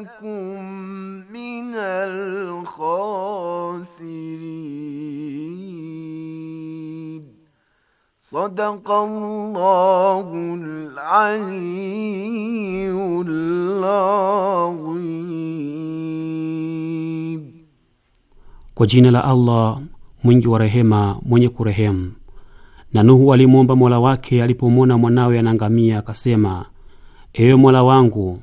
takun minal khasirin. Sadaqallahul aliyyul adhim. Kwa jina la Allah mwingi wa rehema, mwenye kurehemu. Na Nuhu alimwomba mola wake alipomwona mwanawe anaangamia, akasema: ewe mola wangu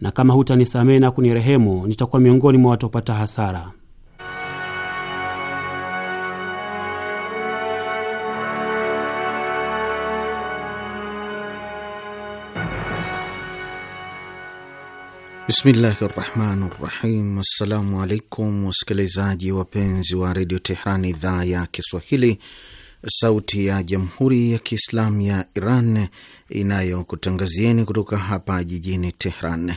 na kama hutanisamehe na kunirehemu nitakuwa miongoni mwa watopata hasara. Bismillahi rahmani rahim. Assalamu alaikum wasikilizaji wapenzi wa redio Tehran idhaa ya Kiswahili Sauti ya Jamhuri ya Kiislamu ya Iran inayokutangazieni kutoka hapa jijini Tehran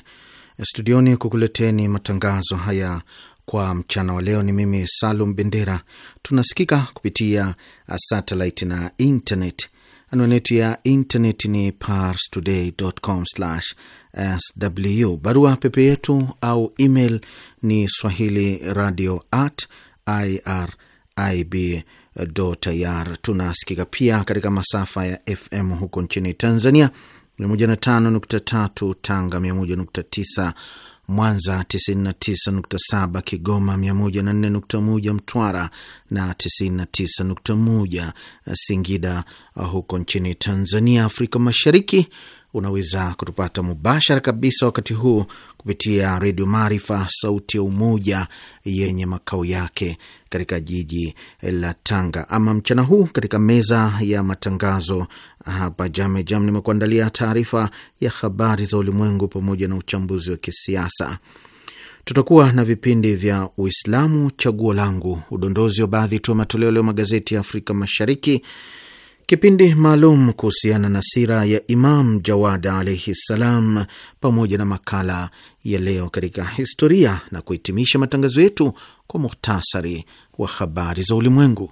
studioni kukuleteni matangazo haya kwa mchana wa leo. Ni mimi Salum Bendera. Tunasikika kupitia satellite na internet. Anwani ya internet ni parstoday.com/sw. Barua pepe yetu au email ni swahili radio at irib ir. Tunasikika pia katika masafa ya FM huko nchini Tanzania, 105.3 Tanga, 101.9 Mwanza, 99.7 Kigoma, 104.1 Mtwara na 99.1 Singida huko nchini Tanzania. Afrika Mashariki unaweza kutupata mubashara kabisa wakati huu kupitia Redio Maarifa, sauti ya Umoja, yenye makao yake katika jiji la Tanga. Ama mchana huu katika meza ya matangazo ah, hapa Jame Jam nimekuandalia taarifa ya habari za ulimwengu pamoja na uchambuzi wa kisiasa. Tutakuwa na vipindi vya Uislamu, chaguo langu, udondozi wa baadhi tu ya matoleo leo magazeti ya Afrika Mashariki, kipindi maalum kuhusiana na sira ya Imam Jawad alaihi ssalam, pamoja na makala ya leo katika historia, na kuhitimisha matangazo yetu kwa muhtasari wa habari za ulimwengu.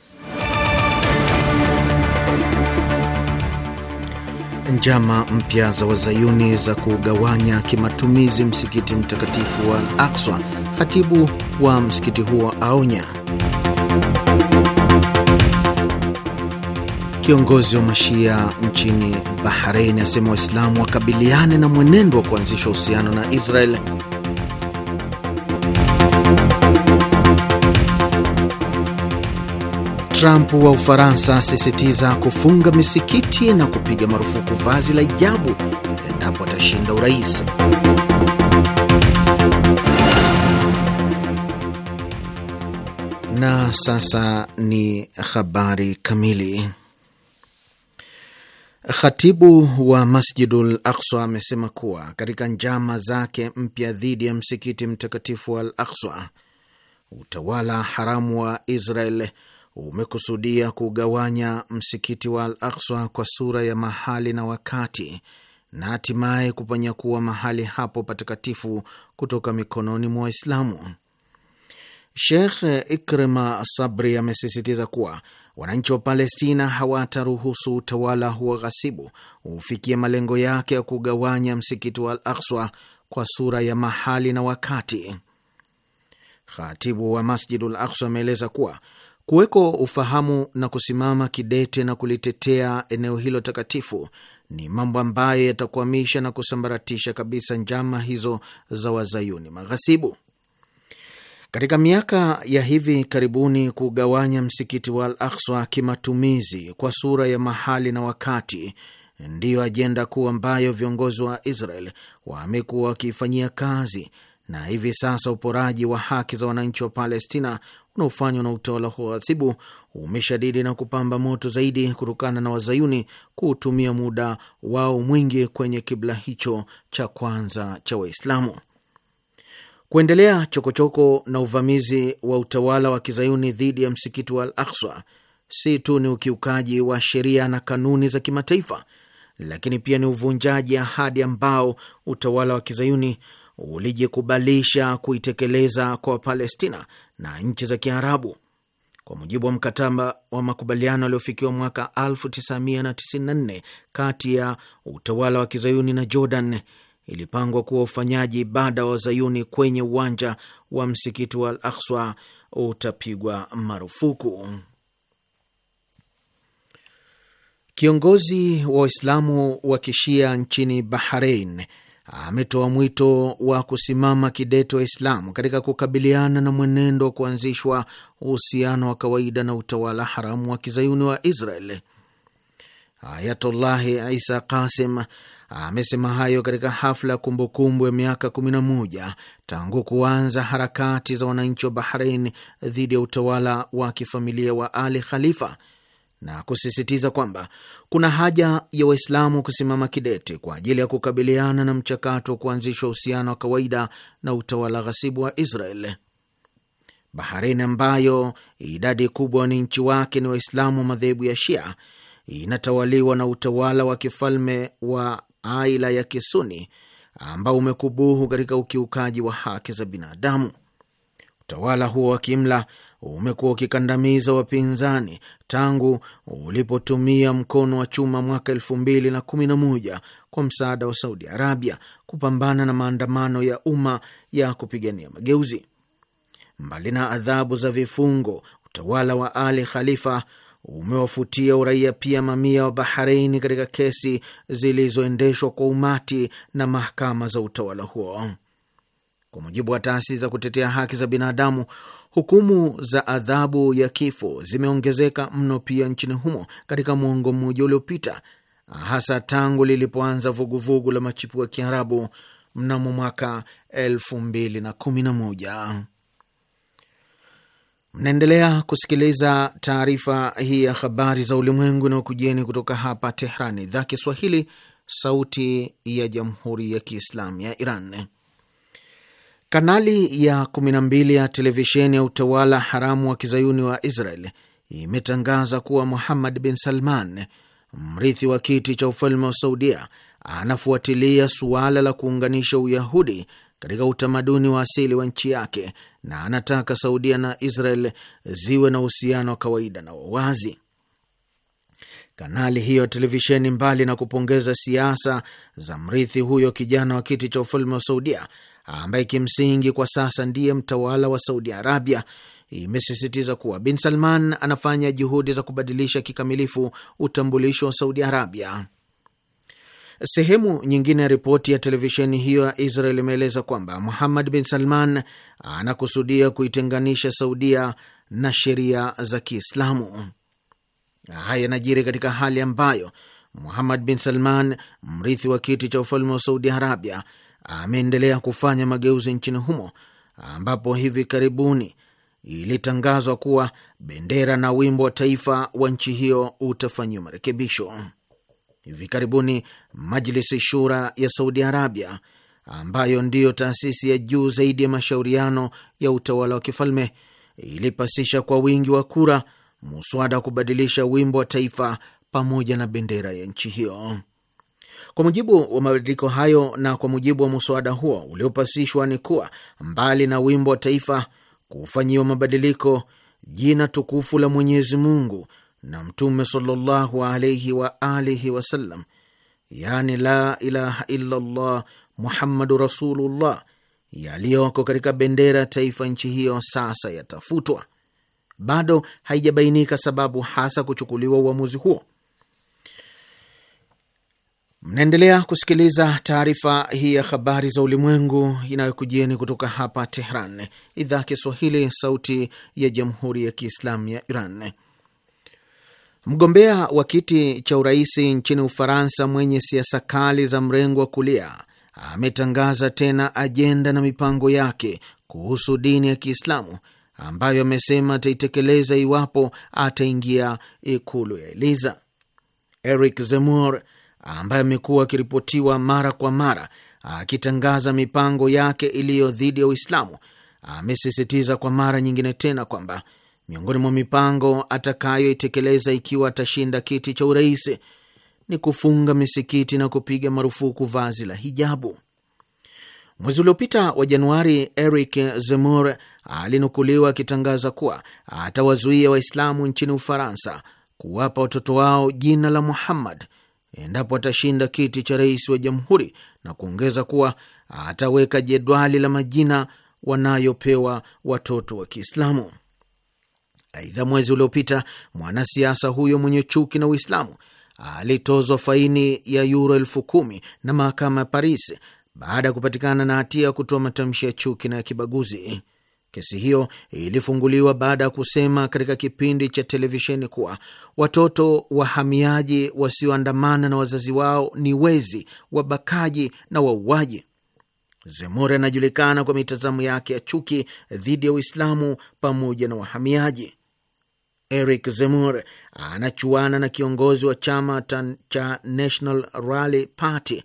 njama mpya za wazayuni za kugawanya kimatumizi msikiti mtakatifu wa Al-Aqsa, khatibu wa msikiti huo aonya. Kiongozi wa mashia nchini bahrein asema Waislamu wakabiliane na mwenendo wa kuanzisha uhusiano na Israel Trump wa Ufaransa asisitiza kufunga misikiti na kupiga marufuku vazi la hijabu endapo atashinda urais. Na sasa ni habari kamili. Khatibu wa Masjidul Aqsa amesema kuwa katika njama zake mpya dhidi ya msikiti mtakatifu wa Al Aqsa, utawala haramu wa Israel umekusudia kugawanya msikiti wa Al Akswa kwa sura ya mahali na wakati na hatimaye kupanyakuwa mahali hapo patakatifu kutoka mikononi mwa Waislamu. Sheikh Ikrima Sabri amesisitiza kuwa wananchi wa Palestina hawataruhusu utawala huo ghasibu ufikie malengo yake ya kugawanya msikiti wa Al Akswa kwa sura ya mahali na wakati. Khatibu wa Masjidul Akswa ameeleza kuwa Kuweko ufahamu na kusimama kidete na kulitetea eneo hilo takatifu ni mambo ambayo yatakwamisha na kusambaratisha kabisa njama hizo za wazayuni maghasibu. Katika miaka ya hivi karibuni, kugawanya msikiti wa Al Akswa kimatumizi kwa sura ya mahali na wakati ndiyo ajenda kuu ambayo viongozi wa Israel wamekuwa wakifanyia kazi na hivi sasa uporaji wa haki za wananchi wa Palestina unaofanywa na utawala huo ghasibu umeshadidi na kupamba moto zaidi kutokana na wazayuni kuutumia muda wao mwingi kwenye kibla hicho cha kwanza cha Waislamu. Kuendelea chokochoko na uvamizi wa utawala wa kizayuni dhidi ya msikiti wa Al Akswa si tu ni ukiukaji wa sheria na kanuni za kimataifa, lakini pia ni uvunjaji ahadi ambao utawala wa kizayuni ulijikubalisha kuitekeleza kwa Palestina na nchi za Kiarabu kwa mujibu wa mkataba wa makubaliano aliofikiwa mwaka 1994 kati ya utawala wa kizayuni na Jordan. Ilipangwa kuwa ufanyaji ibada wa wazayuni kwenye uwanja wa msikiti wa Al Akswa utapigwa marufuku. Kiongozi wa Waislamu wa kishia nchini Bahrain ametoa mwito wa kusimama kidete Waislamu katika kukabiliana na mwenendo wa kuanzishwa uhusiano wa kawaida na utawala haramu wa kizayuni wa Israel. Ayatullahi Isa Kasim amesema hayo katika hafla ya kumbukumbu ya miaka 11 tangu kuanza harakati za wananchi wa Bahrain dhidi ya utawala wa kifamilia wa Ali Khalifa na kusisitiza kwamba kuna haja ya Waislamu kusimama kidete kwa ajili ya kukabiliana na mchakato wa kuanzishwa uhusiano wa kawaida na utawala ghasibu wa Israel. Bahrein ambayo idadi kubwa ni nchi wake ni Waislamu wa madhehebu ya Shia inatawaliwa na utawala wa kifalme wa aila ya Kisuni ambao umekubuhu katika ukiukaji wa haki za binadamu. Utawala huo wa kimla umekuwa ukikandamiza wapinzani tangu ulipotumia mkono wa chuma mwaka elfu mbili na kumi na moja kwa msaada wa Saudi Arabia kupambana na maandamano ya umma ya kupigania mageuzi. Mbali na adhabu za vifungo, utawala wa Ali Khalifa umewafutia uraia pia mamia wa Bahreini katika kesi zilizoendeshwa kwa umati na mahakama za utawala huo. Kwa mujibu wa taasisi za kutetea haki za binadamu, hukumu za adhabu ya kifo zimeongezeka mno pia nchini humo katika mwongo mmoja uliopita, hasa tangu lilipoanza vuguvugu la machipuo ya Kiarabu mnamo mwaka 211 Mnaendelea kusikiliza taarifa hii ya habari za ulimwengu na kutoka hapa Tehrani, idhaa Kiswahili, sauti ya jamhuri ya kiislamu ya Iran. Kanali ya 12 ya televisheni ya utawala haramu wa kizayuni wa Israel imetangaza kuwa Muhammad bin Salman, mrithi wa kiti cha ufalme wa Saudia, anafuatilia suala la kuunganisha Uyahudi katika utamaduni wa asili wa nchi yake na anataka Saudia na Israel ziwe na uhusiano wa kawaida na wawazi. Kanali hiyo ya televisheni, mbali na kupongeza siasa za mrithi huyo kijana wa kiti cha ufalme wa Saudia, ambaye kimsingi kwa sasa ndiye mtawala wa Saudi Arabia, imesisitiza kuwa Bin Salman anafanya juhudi za kubadilisha kikamilifu utambulisho wa Saudi Arabia. Sehemu nyingine ya ripoti ya televisheni hiyo ya Israel imeeleza kwamba Muhammad Bin Salman anakusudia kuitenganisha Saudia na sheria za Kiislamu. Haya yanajiri katika hali ambayo Muhammad Bin Salman, mrithi wa kiti cha ufalme wa Saudi Arabia, ameendelea kufanya mageuzi nchini humo ambapo hivi karibuni ilitangazwa kuwa bendera na wimbo wa taifa wa nchi hiyo utafanyiwa marekebisho. Hivi karibuni Majlisi Shura ya Saudi Arabia, ambayo ndiyo taasisi ya juu zaidi ya mashauriano ya utawala wa kifalme, ilipasisha kwa wingi wa kura muswada wa kubadilisha wimbo wa taifa pamoja na bendera ya nchi hiyo. Kwa mujibu wa mabadiliko hayo na kwa mujibu wa muswada huo uliopasishwa, ni kuwa mbali na wimbo wa taifa kufanyiwa mabadiliko, jina tukufu la Mwenyezi Mungu na Mtume sallallahu alaihi wa alihi wasallam, yani la ilaha illallah Muhammadu Rasulullah yaliyoko katika bendera ya taifa nchi hiyo sasa yatafutwa. Bado haijabainika sababu hasa kuchukuliwa uamuzi huo. Mnaendelea kusikiliza taarifa hii ya habari za ulimwengu inayokujieni kutoka hapa Tehran, idhaa ya Kiswahili, sauti ya jamhuri ya kiislamu ya Iran. Mgombea wa kiti cha urais nchini Ufaransa mwenye siasa kali za mrengo wa kulia ametangaza tena ajenda na mipango yake kuhusu dini ya Kiislamu ambayo amesema ataitekeleza iwapo ataingia ikulu ya Eliza. Eric Zemmour ambaye amekuwa akiripotiwa mara kwa mara akitangaza mipango yake iliyo dhidi ya Uislamu, amesisitiza kwa mara nyingine tena kwamba miongoni mwa mipango atakayoitekeleza ikiwa atashinda kiti cha urais ni kufunga misikiti na kupiga marufuku vazi la hijabu. Mwezi uliopita wa Januari, Eric Zemmour alinukuliwa akitangaza kuwa atawazuia Waislamu nchini Ufaransa kuwapa watoto wao jina la Muhammad endapo atashinda kiti cha rais wa jamhuri na kuongeza kuwa ataweka jedwali la majina wanayopewa watoto wa Kiislamu. Aidha, mwezi uliopita mwanasiasa huyo mwenye chuki na Uislamu alitozwa faini ya yuro elfu kumi na mahakama ya Paris baada ya kupatikana na hatia ya kutoa matamshi ya chuki na ya kibaguzi. Kesi hiyo ilifunguliwa baada ya kusema katika kipindi cha televisheni kuwa watoto wahamiaji wasioandamana na wazazi wao ni wezi, wabakaji na wauaji. Zemore anajulikana kwa mitazamo yake ya chuki dhidi ya Uislamu pamoja na wahamiaji. Eric zemor anachuana na kiongozi wa chama cha National Rally Party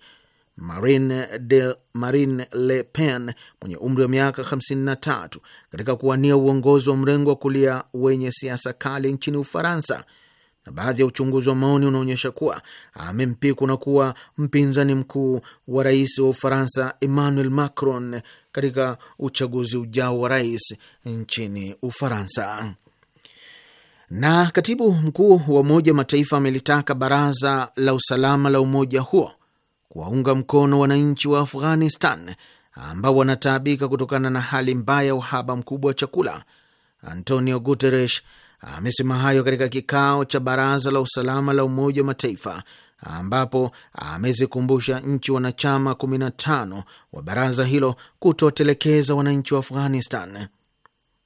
Marine, de, Marine Le Pen mwenye umri wa miaka 53 katika kuwania uongozi wa mrengo wa kulia wenye siasa kali nchini Ufaransa, na baadhi ya uchunguzi wa maoni unaonyesha kuwa amempikwa na kuwa mpinzani mkuu wa rais wa Ufaransa Emmanuel Macron katika uchaguzi ujao wa rais nchini Ufaransa. Na katibu mkuu wa Umoja wa Mataifa amelitaka baraza la usalama la umoja huo kuwaunga mkono wananchi wa Afghanistan ambao wanataabika kutokana na hali mbaya ya uhaba mkubwa wa chakula. Antonio Guterres amesema hayo katika kikao cha Baraza la Usalama la Umoja wa Mataifa ambapo amezikumbusha nchi wanachama 15 wa baraza hilo kutowatelekeza wananchi wa Afghanistan.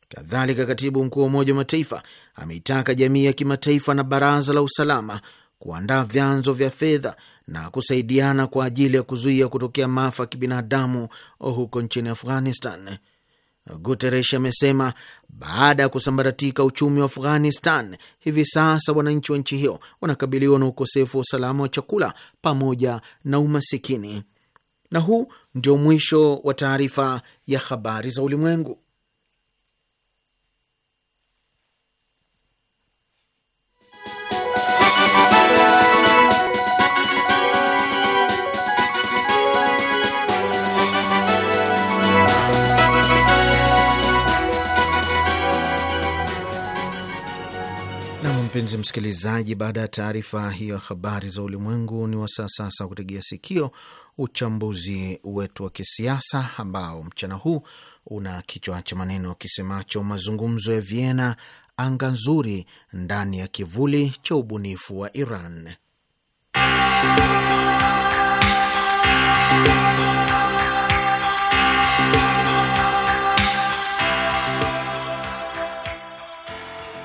Kadhalika, katibu mkuu wa Umoja wa Mataifa ameitaka jamii ya kimataifa na Baraza la Usalama kuandaa vyanzo vya fedha na kusaidiana kwa ajili ya kuzuia kutokea maafa ya kibinadamu huko nchini Afghanistan. Guteresh amesema baada ya kusambaratika uchumi wa Afghanistan, hivi sasa wananchi wa nchi hiyo wanakabiliwa na ukosefu wa usalama wa chakula pamoja na umasikini. Na huu ndio mwisho wa taarifa ya habari za ulimwengu. mpenzi msikilizaji, baada ya taarifa hiyo ya habari za ulimwengu, ni wasaa sasa kutegea sikio uchambuzi wetu wa kisiasa ambao mchana huu una kichwa cha maneno kisemacho mazungumzo ya Vienna, anga nzuri ndani ya kivuli cha ubunifu wa Iran.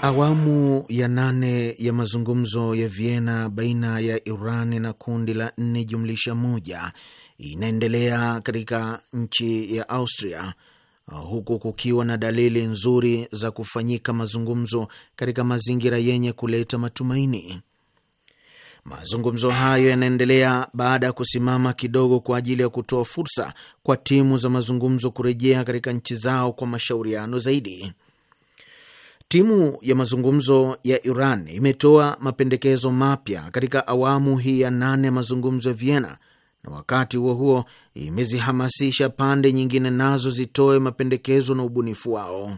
Awamu ya nane ya mazungumzo ya Vienna baina ya Iran na kundi la nne jumlisha moja inaendelea katika nchi ya Austria huku kukiwa na dalili nzuri za kufanyika mazungumzo katika mazingira yenye kuleta matumaini. Mazungumzo hayo yanaendelea baada ya kusimama kidogo kwa ajili ya kutoa fursa kwa timu za mazungumzo kurejea katika nchi zao kwa mashauriano zaidi. Timu ya mazungumzo ya Iran imetoa mapendekezo mapya katika awamu hii ya nane ya mazungumzo ya Vienna, na wakati huo huo imezihamasisha pande nyingine nazo zitoe mapendekezo na ubunifu wao.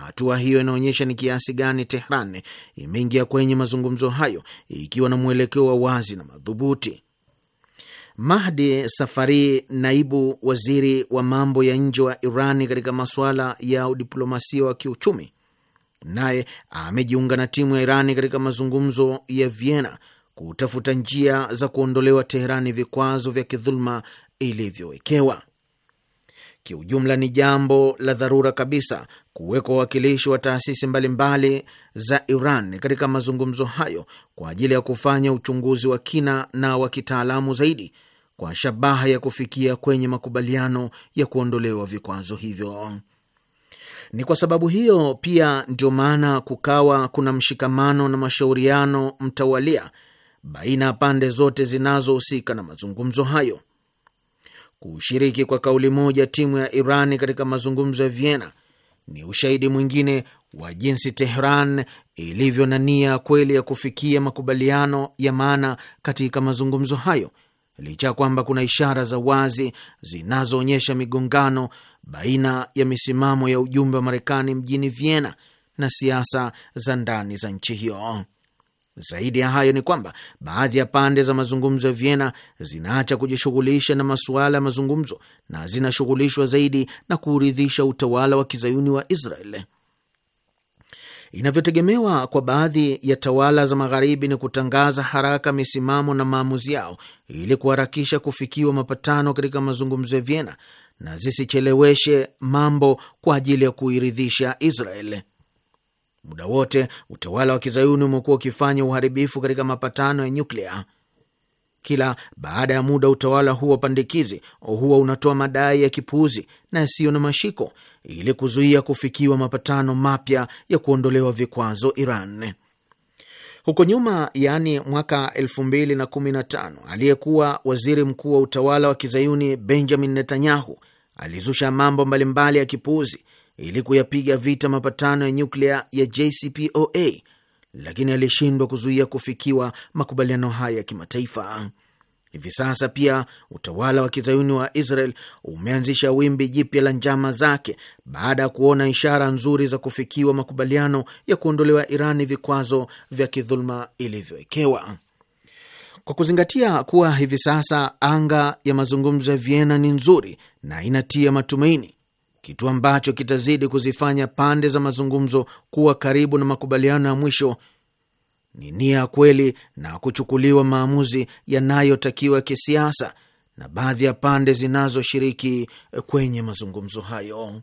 Hatua hiyo inaonyesha ni kiasi gani Tehran imeingia kwenye mazungumzo hayo ikiwa na mwelekeo wa wazi na madhubuti. Mahdi Safari, naibu waziri wa mambo ya nje wa iran katika masuala ya udiplomasia wa kiuchumi, naye amejiunga na timu ya Irani katika mazungumzo ya Vienna kutafuta njia za kuondolewa Teherani vikwazo vya kidhuluma ilivyowekewa. Kiujumla, ni jambo la dharura kabisa kuwekwa wawakilishi wa taasisi mbalimbali za Iran katika mazungumzo hayo kwa ajili ya kufanya uchunguzi wa kina na wa kitaalamu zaidi kwa shabaha ya kufikia kwenye makubaliano ya kuondolewa vikwazo hivyo. Ni kwa sababu hiyo pia ndio maana kukawa kuna mshikamano na mashauriano mtawalia baina ya pande zote zinazohusika na mazungumzo hayo. Kushiriki kwa kauli moja timu ya Iran katika mazungumzo ya Vienna ni ushahidi mwingine wa jinsi Tehran ilivyo na nia kweli ya kufikia makubaliano ya maana katika mazungumzo hayo, licha ya kwamba kuna ishara za wazi zinazoonyesha migongano baina ya misimamo ya ujumbe wa Marekani mjini Vienna na siasa za ndani za nchi hiyo. Zaidi ya hayo ni kwamba baadhi ya pande za mazungumzo ya Vienna zinaacha kujishughulisha na masuala ya mazungumzo na zinashughulishwa zaidi na kuuridhisha utawala wa kizayuni wa Israel. Inavyotegemewa kwa baadhi ya tawala za magharibi ni kutangaza haraka misimamo na maamuzi yao ili kuharakisha kufikiwa mapatano katika mazungumzo ya Vienna na zisicheleweshe mambo kwa ajili ya kuiridhisha Israel. Muda wote utawala wa kizayuni umekuwa ukifanya uharibifu katika mapatano ya nyuklia. Kila baada ya muda, utawala huo pandikizi huwa unatoa madai ya kipuuzi na yasiyo na mashiko ili kuzuia kufikiwa mapatano mapya ya kuondolewa vikwazo Iran. Huko nyuma, yaani mwaka elfu na aliyekuwa waziri mkuu wa utawala wa kizayuni Benjamin Netanyahu alizusha mambo mbalimbali ya kipuuzi ili kuyapiga vita mapatano ya nyuklia ya JCPOA, lakini alishindwa kuzuia kufikiwa makubaliano haya ya kimataifa. Hivi sasa pia utawala wa kizayuni wa Israel umeanzisha wimbi jipya la njama zake baada ya kuona ishara nzuri za kufikiwa makubaliano ya kuondolewa Irani vikwazo vya kidhuluma ilivyowekewa. Kwa kuzingatia kuwa hivi sasa anga ya mazungumzo ya Vienna ni nzuri na inatia matumaini, kitu ambacho kitazidi kuzifanya pande za mazungumzo kuwa karibu na makubaliano ya mwisho ni nia ya kweli na kuchukuliwa maamuzi yanayotakiwa ya kisiasa na baadhi ya pande zinazoshiriki kwenye mazungumzo hayo.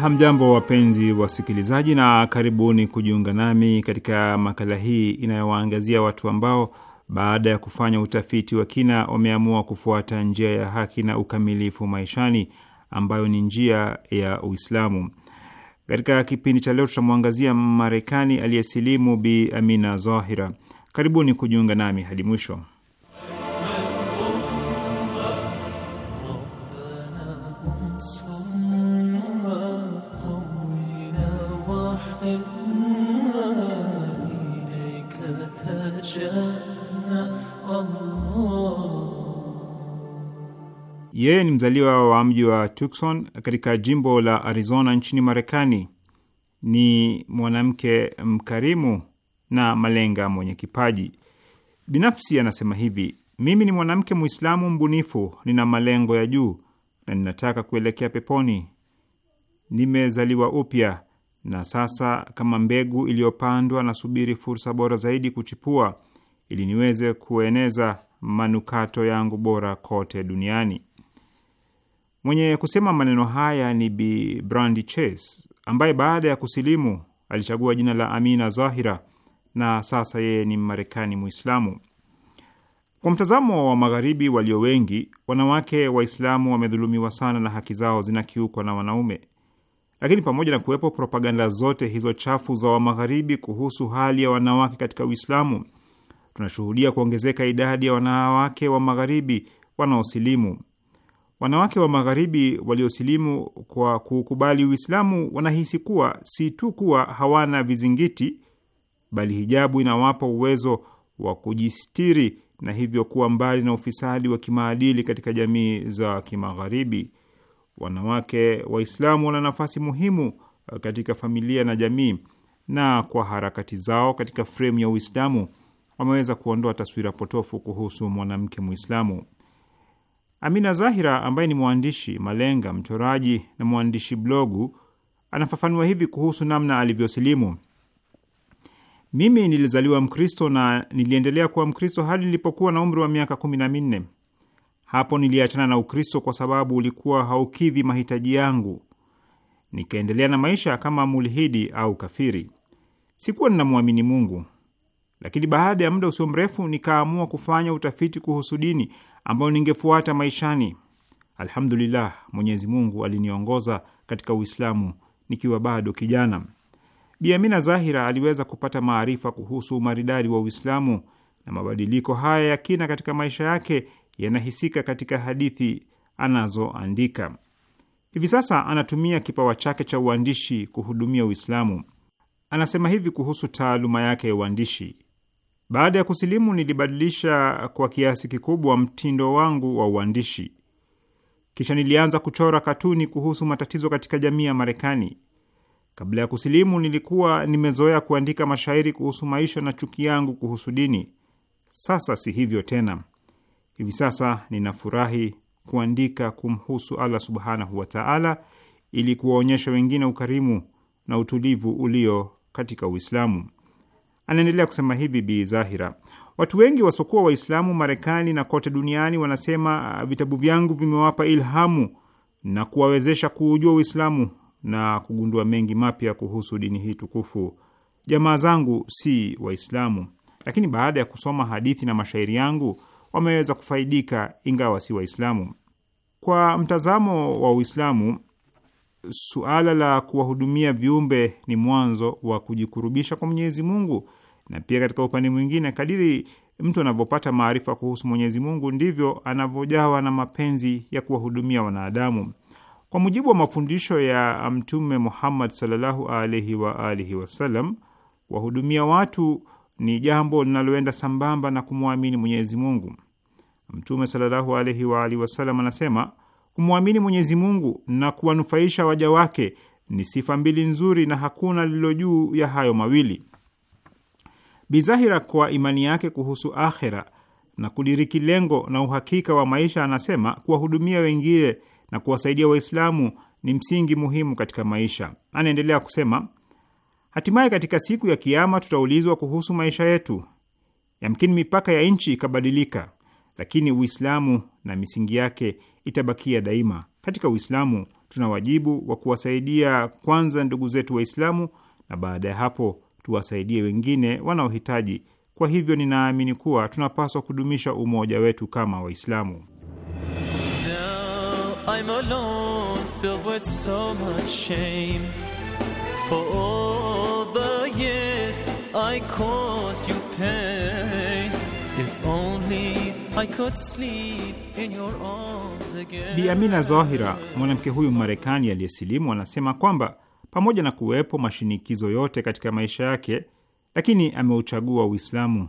Hamjambo, wapenzi wasikilizaji, na karibuni kujiunga nami katika makala hii inayowaangazia watu ambao baada ya kufanya utafiti wa kina wameamua kufuata njia ya haki na ukamilifu maishani ambayo ni njia ya Uislamu. Katika kipindi cha leo tutamwangazia Marekani aliyesilimu Bi Amina Zahira. Karibuni kujiunga nami hadi mwisho. Yeye ni mzaliwa wa mji wa Tucson katika jimbo la Arizona nchini Marekani. Ni mwanamke mkarimu na malenga mwenye kipaji. Binafsi anasema hivi: mimi ni mwanamke Mwislamu mbunifu, nina malengo ya juu na ninataka kuelekea peponi. Nimezaliwa upya na sasa, kama mbegu iliyopandwa, nasubiri fursa bora zaidi kuchipua, ili niweze kueneza manukato yangu bora kote duniani. Mwenye kusema maneno haya ni Bi Brandi Chase ambaye baada ya kusilimu alichagua jina la Amina Zahira na sasa yeye ni Mmarekani mwislamu Kwa mtazamo wa Magharibi walio wengi, wanawake Waislamu wamedhulumiwa sana na haki zao zinakiukwa na wanaume. Lakini pamoja na kuwepo propaganda zote hizo chafu za Wamagharibi kuhusu hali ya wanawake katika Uislamu, tunashuhudia kuongezeka idadi ya wanawake wa Magharibi wanaosilimu. Wanawake wa Magharibi waliosilimu kwa kuukubali Uislamu wanahisi kuwa si tu kuwa hawana vizingiti, bali hijabu inawapa uwezo wa kujistiri na hivyo kuwa mbali na ufisadi wa kimaadili katika jamii za Kimagharibi. Wanawake Waislamu wana nafasi muhimu katika familia na jamii, na kwa harakati zao katika fremu ya Uislamu wameweza kuondoa taswira potofu kuhusu mwanamke Mwislamu. Amina Zahira ambaye ni mwandishi malenga, mchoraji na mwandishi blogu, anafafanua hivi kuhusu namna alivyosilimu: mimi nilizaliwa Mkristo na niliendelea kuwa Mkristo hadi nilipokuwa na umri wa miaka kumi na minne. Hapo niliachana na Ukristo kwa sababu ulikuwa haukidhi mahitaji yangu. Nikaendelea na maisha kama mulhidi au kafiri. Sikuwa ninamwamini Mungu, lakini baada ya muda usio mrefu nikaamua kufanya utafiti kuhusu dini ambayo ningefuata maishani. Alhamdulillah, Mwenyezi Mungu aliniongoza katika Uislamu nikiwa bado kijana. Bi Amina Zahira aliweza kupata maarifa kuhusu umaridadi wa Uislamu, na mabadiliko haya ya kina katika maisha yake yanahisika katika hadithi anazoandika. Hivi sasa anatumia kipawa chake cha uandishi kuhudumia Uislamu. Anasema hivi kuhusu taaluma yake ya uandishi: baada ya kusilimu, nilibadilisha kwa kiasi kikubwa mtindo wangu wa uandishi. Kisha nilianza kuchora katuni kuhusu matatizo katika jamii ya Marekani. Kabla ya kusilimu, nilikuwa nimezoea kuandika mashairi kuhusu maisha na chuki yangu kuhusu dini. Sasa si hivyo tena. Hivi sasa ninafurahi kuandika kumhusu Allah subhanahu wataala ili kuwaonyesha wengine ukarimu na utulivu ulio katika Uislamu. Anaendelea kusema hivi Bi Zahira: watu wengi wasokuwa Waislamu Marekani na kote duniani wanasema uh, vitabu vyangu vimewapa ilhamu na kuwawezesha kuujua Uislamu na kugundua mengi mapya kuhusu dini hii tukufu. Jamaa zangu si Waislamu, lakini baada ya kusoma hadithi na mashairi yangu wameweza kufaidika, ingawa si Waislamu. Kwa mtazamo wa Uislamu, suala la kuwahudumia viumbe ni mwanzo wa kujikurubisha kwa Mwenyezi Mungu, na pia katika upande mwingine, kadiri mtu anavyopata maarifa kuhusu Mwenyezi Mungu ndivyo anavyojawa na mapenzi ya kuwahudumia wanadamu. Kwa mujibu wa mafundisho ya Mtume Muhammad sallallahu alaihi wa alihi wasallam, kuwahudumia watu ni jambo linaloenda sambamba na kumwamini Mwenyezi Mungu. Mtume sallallahu alaihi wa alihi wasallam anasema Kumwamini Mwenyezi Mungu na kuwanufaisha waja wake ni sifa mbili nzuri na hakuna lililo juu ya hayo mawili. Bizahira kwa imani yake kuhusu akhera na kudiriki lengo na uhakika wa maisha, anasema kuwahudumia wengine na kuwasaidia Waislamu ni msingi muhimu katika maisha. Anaendelea kusema, hatimaye katika siku ya Kiama tutaulizwa kuhusu maisha yetu. Yamkini mipaka ya nchi ikabadilika, lakini Uislamu na misingi yake itabakia daima. Katika Uislamu tuna wajibu wa kuwasaidia kwanza ndugu zetu Waislamu na baada ya hapo tuwasaidie wengine wanaohitaji. Kwa hivyo, ninaamini kuwa tunapaswa kudumisha umoja wetu kama Waislamu. Bi Amina Zahira, mwanamke huyu Marekani aliyesilimu, anasema kwamba pamoja na kuwepo mashinikizo yote katika maisha yake, lakini ameuchagua Uislamu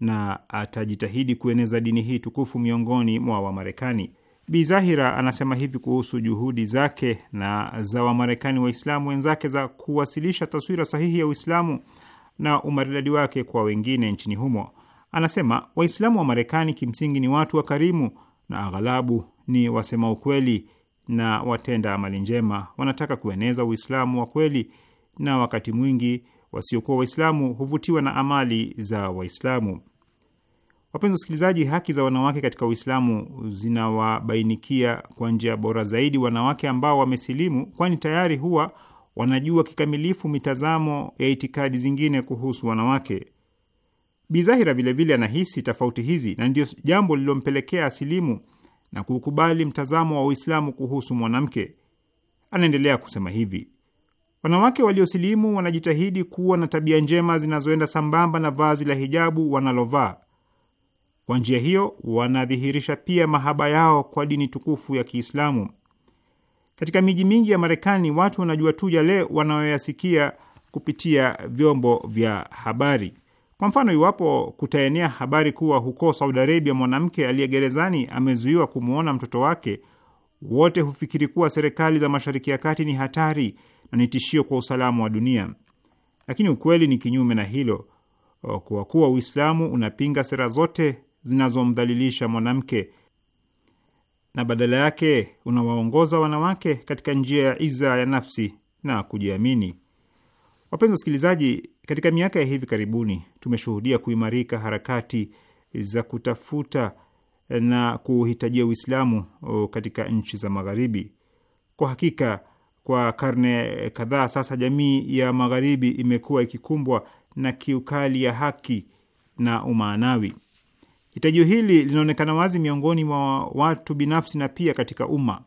na atajitahidi kueneza dini hii tukufu miongoni mwa Wamarekani. Bi Zahira anasema hivi kuhusu juhudi zake na za Wamarekani Waislamu wenzake za kuwasilisha taswira sahihi ya Uislamu na umaridadi wake kwa wengine nchini humo. Anasema Waislamu wa Marekani kimsingi ni watu wakarimu na aghalabu ni wasema ukweli na watenda amali njema. Wanataka kueneza Uislamu wa kweli, na wakati mwingi wasiokuwa Waislamu huvutiwa na amali za Waislamu. Wapenzi wasikilizaji, haki za wanawake katika Uislamu zinawabainikia kwa njia bora zaidi wanawake ambao wamesilimu, kwani tayari huwa wanajua kikamilifu mitazamo ya itikadi zingine kuhusu wanawake. Bizahira vilevile anahisi tofauti hizi na ndiyo jambo lililompelekea asilimu na kukubali mtazamo wa Uislamu kuhusu mwanamke. Anaendelea kusema hivi: wanawake waliosilimu wanajitahidi kuwa na tabia njema zinazoenda sambamba na vazi la hijabu wanalovaa. Kwa njia hiyo wanadhihirisha pia mahaba yao kwa dini tukufu ya Kiislamu. Katika miji mingi ya Marekani watu wanajua tu yale wanayoyasikia kupitia vyombo vya habari. Kwa mfano, iwapo kutaenea habari kuwa huko Saudi Arabia mwanamke aliye gerezani amezuiwa kumwona mtoto wake, wote hufikiri kuwa serikali za Mashariki ya Kati ni hatari na ni tishio kwa usalama wa dunia, lakini ukweli ni kinyume na hilo, kwa kuwa Uislamu unapinga sera zote zinazomdhalilisha mwanamke na badala yake unawaongoza wanawake katika njia ya iza ya nafsi na kujiamini. Wapenzi wasikilizaji, katika miaka ya hivi karibuni tumeshuhudia kuimarika harakati za kutafuta na kuhitajia Uislamu katika nchi za Magharibi. Kwa hakika, kwa karne kadhaa sasa, jamii ya Magharibi imekuwa ikikumbwa na kiukali ya haki na umaanawi. Hitajio hili linaonekana wazi miongoni mwa watu binafsi na pia katika umma.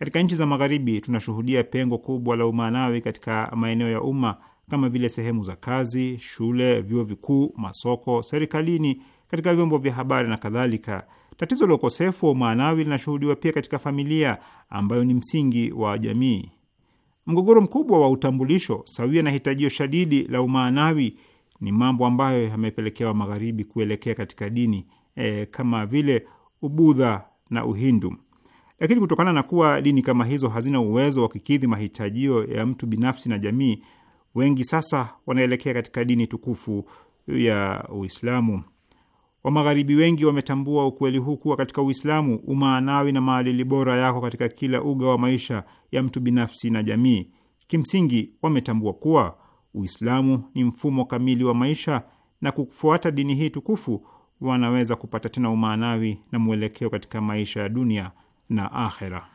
Katika nchi za Magharibi tunashuhudia pengo kubwa la umaanawi katika maeneo ya umma kama vile sehemu za kazi, shule, vyuo vikuu, masoko, serikalini, katika vyombo vya habari na kadhalika. Tatizo la ukosefu wa umaanawi linashuhudiwa pia katika familia ambayo ni msingi wa jamii. Mgogoro mkubwa wa utambulisho sawia na hitajio shadidi la umaanawi ni mambo ambayo yamepelekewa Magharibi kuelekea katika dini e, kama vile Ubudha na Uhindu. Lakini kutokana na kuwa dini kama hizo hazina uwezo wa kukidhi mahitajio ya mtu binafsi na jamii, wengi sasa wanaelekea katika dini tukufu ya Uislamu. Wamagharibi wengi wametambua ukweli huu kuwa katika Uislamu umaanawi na maadili bora yako katika kila uga wa maisha ya mtu binafsi na jamii. Kimsingi, wametambua kuwa Uislamu ni mfumo kamili wa maisha na kufuata dini hii tukufu wanaweza kupata tena umaanawi na mwelekeo katika maisha ya dunia na akhera.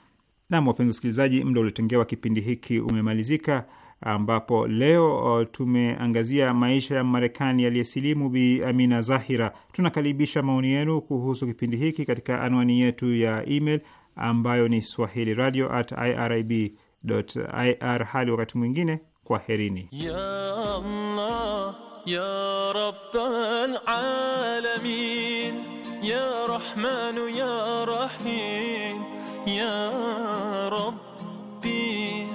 Nam, wapenzi wasikilizaji, muda uliotengewa kipindi hiki umemalizika, ambapo leo uh, tumeangazia maisha ya Marekani aliyesilimu Bi Amina Zahira. Tunakaribisha maoni yenu kuhusu kipindi hiki katika anwani yetu ya email ambayo ni swahili radio at irib ir. Hadi wakati mwingine, kwaherini ya Allah, ya يا رحمن يا رحيم يا ربي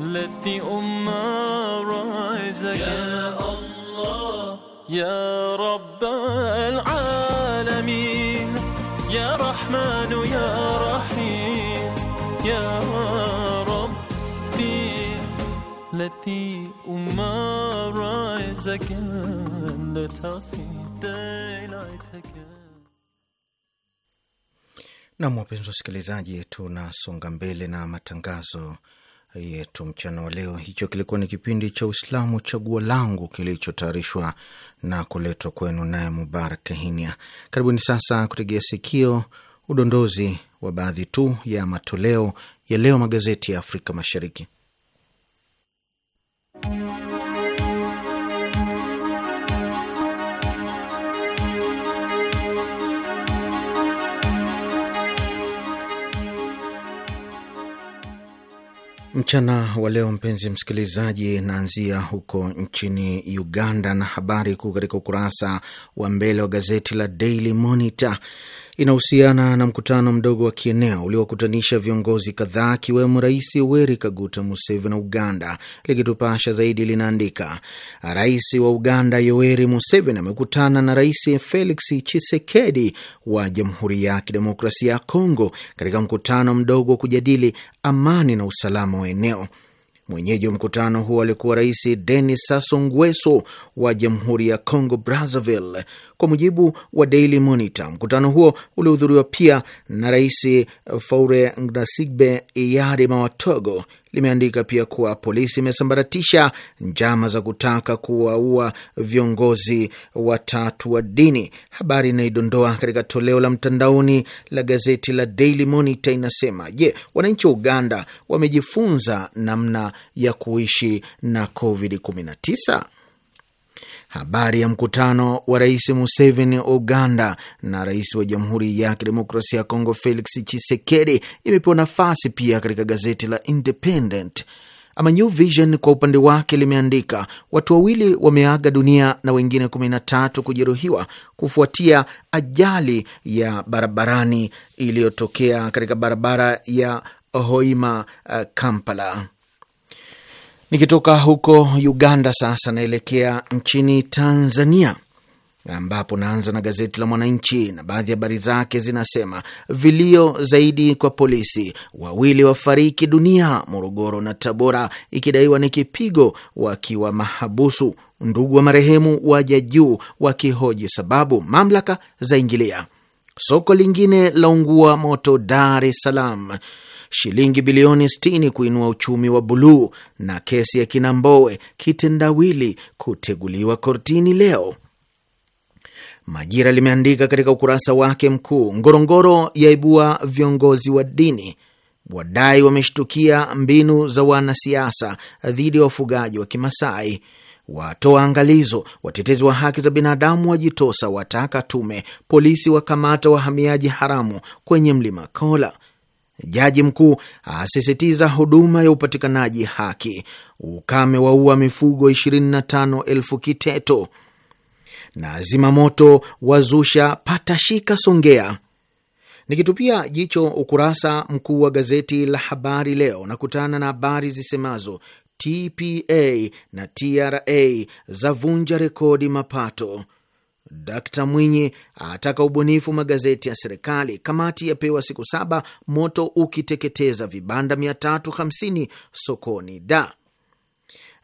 التي أم رزقك يا الله يا رب العالمين يا رحمن يا رحيم يا ربي التي أم لتصيد لا تعصي ديلاتك Nam, wapenzi wasikilizaji, tunasonga mbele na matangazo yetu mchana wa leo. Hicho kilikuwa ni kipindi cha Uislamu Chaguo Langu kilichotayarishwa na kuletwa kwenu naye Mubarak Kehinia. Karibuni sasa kutegea sikio udondozi wa baadhi tu ya matoleo ya leo magazeti ya Afrika Mashariki. Mchana wa leo, mpenzi msikilizaji, naanzia huko nchini Uganda na habari kuu katika ukurasa wa mbele wa gazeti la Daily Monitor inahusiana na mkutano mdogo wa kieneo uliokutanisha viongozi kadhaa akiwemo Rais Yoweri Kaguta Museveni wa Uganda. Likitupasha zaidi linaandika, Rais wa Uganda Yoweri Museveni amekutana na Rais Felix Tshisekedi wa Jamhuri ya Kidemokrasia ya Kongo katika mkutano mdogo wa kujadili amani na usalama wa eneo. Mwenyeji wa mkutano huo alikuwa Rais Denis Sassou Nguesso wa Jamhuri ya Congo Brazzaville. Kwa mujibu wa Daily Monitor, mkutano huo ulihudhuriwa pia na Rais Faure Gnassingbe Eyadema wa Togo, limeandika pia kuwa polisi imesambaratisha njama za kutaka kuwaua viongozi watatu wa dini. Habari inayodondoa katika toleo la mtandaoni la gazeti la Daily Monitor inasema je, wananchi wa Uganda wamejifunza namna ya kuishi na COVID-19? habari ya mkutano wa Rais Museveni wa Uganda na rais wa Jamhuri ya Kidemokrasia ya Kongo Felix Chisekedi imepewa nafasi pia katika gazeti la Independent. Ama New Vision kwa upande wake limeandika watu wawili wameaga dunia na wengine 13 kujeruhiwa kufuatia ajali ya barabarani iliyotokea katika barabara ya Hoima, eh, Kampala. Nikitoka huko Uganda sasa naelekea nchini Tanzania, ambapo naanza na gazeti la Mwananchi na baadhi ya habari zake zinasema: vilio zaidi kwa polisi, wawili wafariki dunia Morogoro na Tabora, ikidaiwa ni kipigo wakiwa mahabusu. Ndugu wa marehemu waja juu wakihoji sababu, mamlaka zaingilia. Soko lingine laungua moto Dar es Salaam shilingi bilioni 60 kuinua uchumi wa buluu, na kesi ya kinambowe kitendawili kuteguliwa kortini leo. Majira limeandika katika ukurasa wake mkuu, Ngorongoro yaibua viongozi wa dini, wadai wameshtukia mbinu za wanasiasa dhidi ya wafugaji wa Kimasai, watoa angalizo, watetezi wa haki za binadamu wajitosa, wataka tume, polisi wakamata wahamiaji haramu kwenye mlima Kola. Jaji mkuu asisitiza huduma ya upatikanaji haki. Ukame waua mifugo 25,000 Kiteto, na zimamoto wazusha patashika Songea. Nikitupia jicho ukurasa mkuu wa gazeti la Habari Leo nakutana na habari zisemazo TPA na TRA zavunja rekodi mapato Dkt Mwinyi ataka ubunifu magazeti ya serikali. Kamati yapewa siku saba, moto ukiteketeza vibanda 350 sokoni da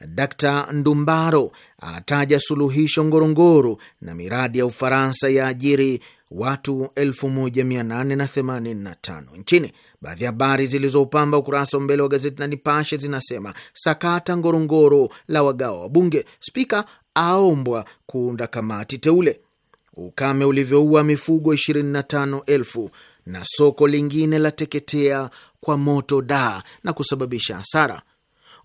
Dkt Ndumbaro ataja suluhisho Ngorongoro na miradi ya Ufaransa ya ajiri watu 1885 nchini. Baadhi ya habari zilizopamba ukurasa wa mbele wa gazeti la Nipashe zinasema sakata Ngorongoro la wagawa bunge spika aombwa kuunda kamati teule. Ukame ulivyoua mifugo 25,000 na soko lingine la teketea kwa moto daa na kusababisha hasara.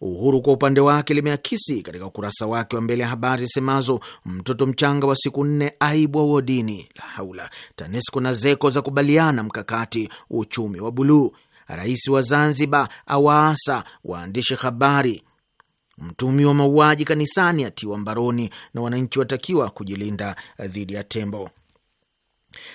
Uhuru kwa upande wake limeakisi katika ukurasa wake wa mbele ya habari zisemazo mtoto mchanga wa siku nne aibwa wodini. La haula! TANESCO na ZECO za kubaliana mkakati uchumi wa buluu. Rais wa Zanzibar awaasa waandishi habari Mtumi wa mauaji kanisani atiwa mbaroni na wananchi watakiwa kujilinda dhidi ya tembo.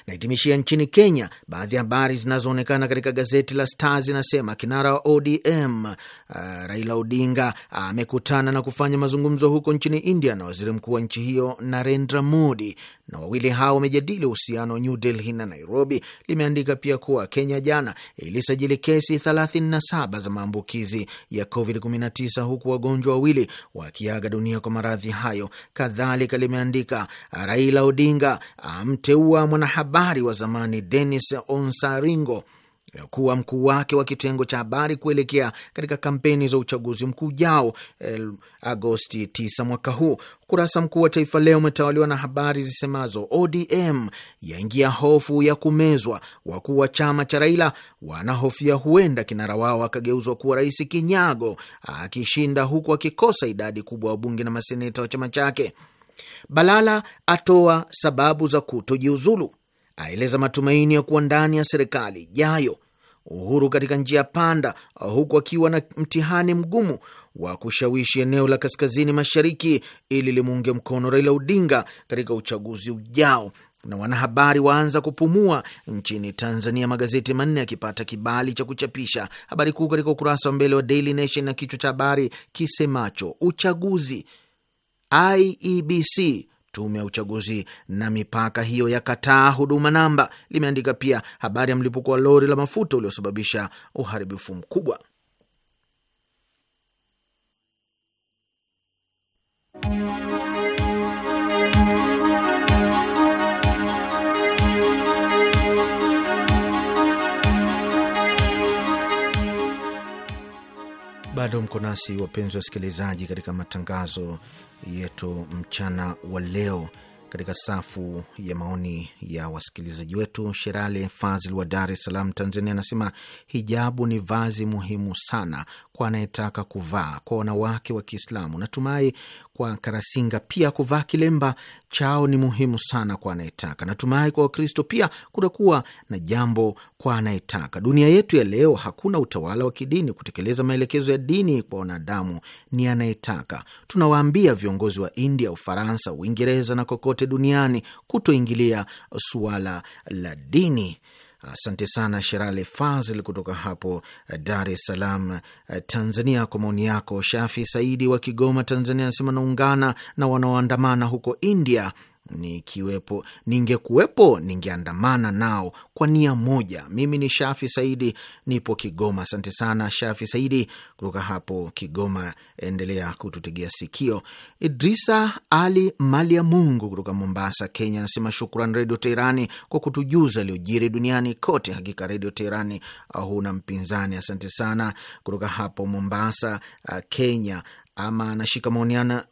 Na hitimishia nchini Kenya, baadhi ya habari zinazoonekana katika gazeti la Star zinasema kinara wa ODM uh, Raila Odinga amekutana uh, na kufanya mazungumzo huko nchini India na waziri mkuu wa nchi hiyo Narendra Modi, na wawili hao wamejadili uhusiano wa New Delhi na Nairobi. Limeandika pia kuwa Kenya jana ilisajili kesi 37 za maambukizi ya COVID-19 huku wagonjwa wawili wakiaga dunia kwa maradhi hayo. Kadhalika limeandika Raila Odinga amteua mwana mwanahabari wa zamani Denis Onsaringo kuwa mkuu wake wa kitengo cha habari kuelekea katika kampeni za uchaguzi mkuu ujao eh, Agosti 9 mwaka huu. Ukurasa mkuu wa Taifa Leo umetawaliwa na habari zisemazo ODM yaingia hofu ya kumezwa, wakuu wa chama cha Raila wanahofia huenda kinara wao akageuzwa kuwa rais kinyago akishinda huku akikosa idadi kubwa wabunge na maseneta wa chama chake. Balala atoa sababu za kutojiuzulu, aeleza matumaini ya kuwa ndani ya serikali ijayo uhuru katika njia panda, huku akiwa na mtihani mgumu wa kushawishi eneo la kaskazini mashariki ili limuunge mkono Raila Odinga katika uchaguzi ujao. Na wanahabari waanza kupumua nchini Tanzania, magazeti manne yakipata kibali cha kuchapisha habari kuu katika ukurasa wa mbele wa Daily Nation na kichwa cha habari kisemacho uchaguzi IEBC tume ya uchaguzi na mipaka hiyo ya kataa huduma namba. Limeandika pia habari ya mlipuko wa lori la mafuta uliosababisha uharibifu mkubwa. Bado mko nasi wapenzi wasikilizaji, katika matangazo yetu mchana wa leo. Katika safu ya maoni ya wasikilizaji wetu, Sherale Fazil wa Dar es Salaam, Tanzania, anasema hijabu ni vazi muhimu sana kwa anayetaka kuvaa, kwa wanawake wa Kiislamu. Natumai kwa Karasinga pia kuvaa kilemba chao ni muhimu sana kwa anayetaka. Natumai kwa Wakristo pia kutakuwa na jambo kwa anayetaka. Dunia yetu ya leo hakuna utawala wa kidini. Kutekeleza maelekezo ya dini kwa wanadamu ni anayetaka. Tunawaambia viongozi wa India, Ufaransa, Uingereza na kokote duniani kutoingilia suala la dini. Asante sana sherale Fazil kutoka hapo eh, Dar es Salaam, eh, Tanzania, kwa maoni yako. Shafi Saidi wa Kigoma, Tanzania, anasema naungana na wanaoandamana huko India Nikiwepo ningekuwepo ningeandamana nao kwa nia moja. Mimi ni Shafi Saidi, nipo Kigoma. Asante sana Shafi Saidi kutoka hapo Kigoma, endelea kututegea sikio. Idrisa Ali mali ya Mungu kutoka Mombasa, Kenya anasema shukran Redio Teherani kwa kutujuza aliyojiri duniani kote. Hakika Redio Teherani huna mpinzani. Asante sana kutoka hapo Mombasa, Kenya. Ama anashika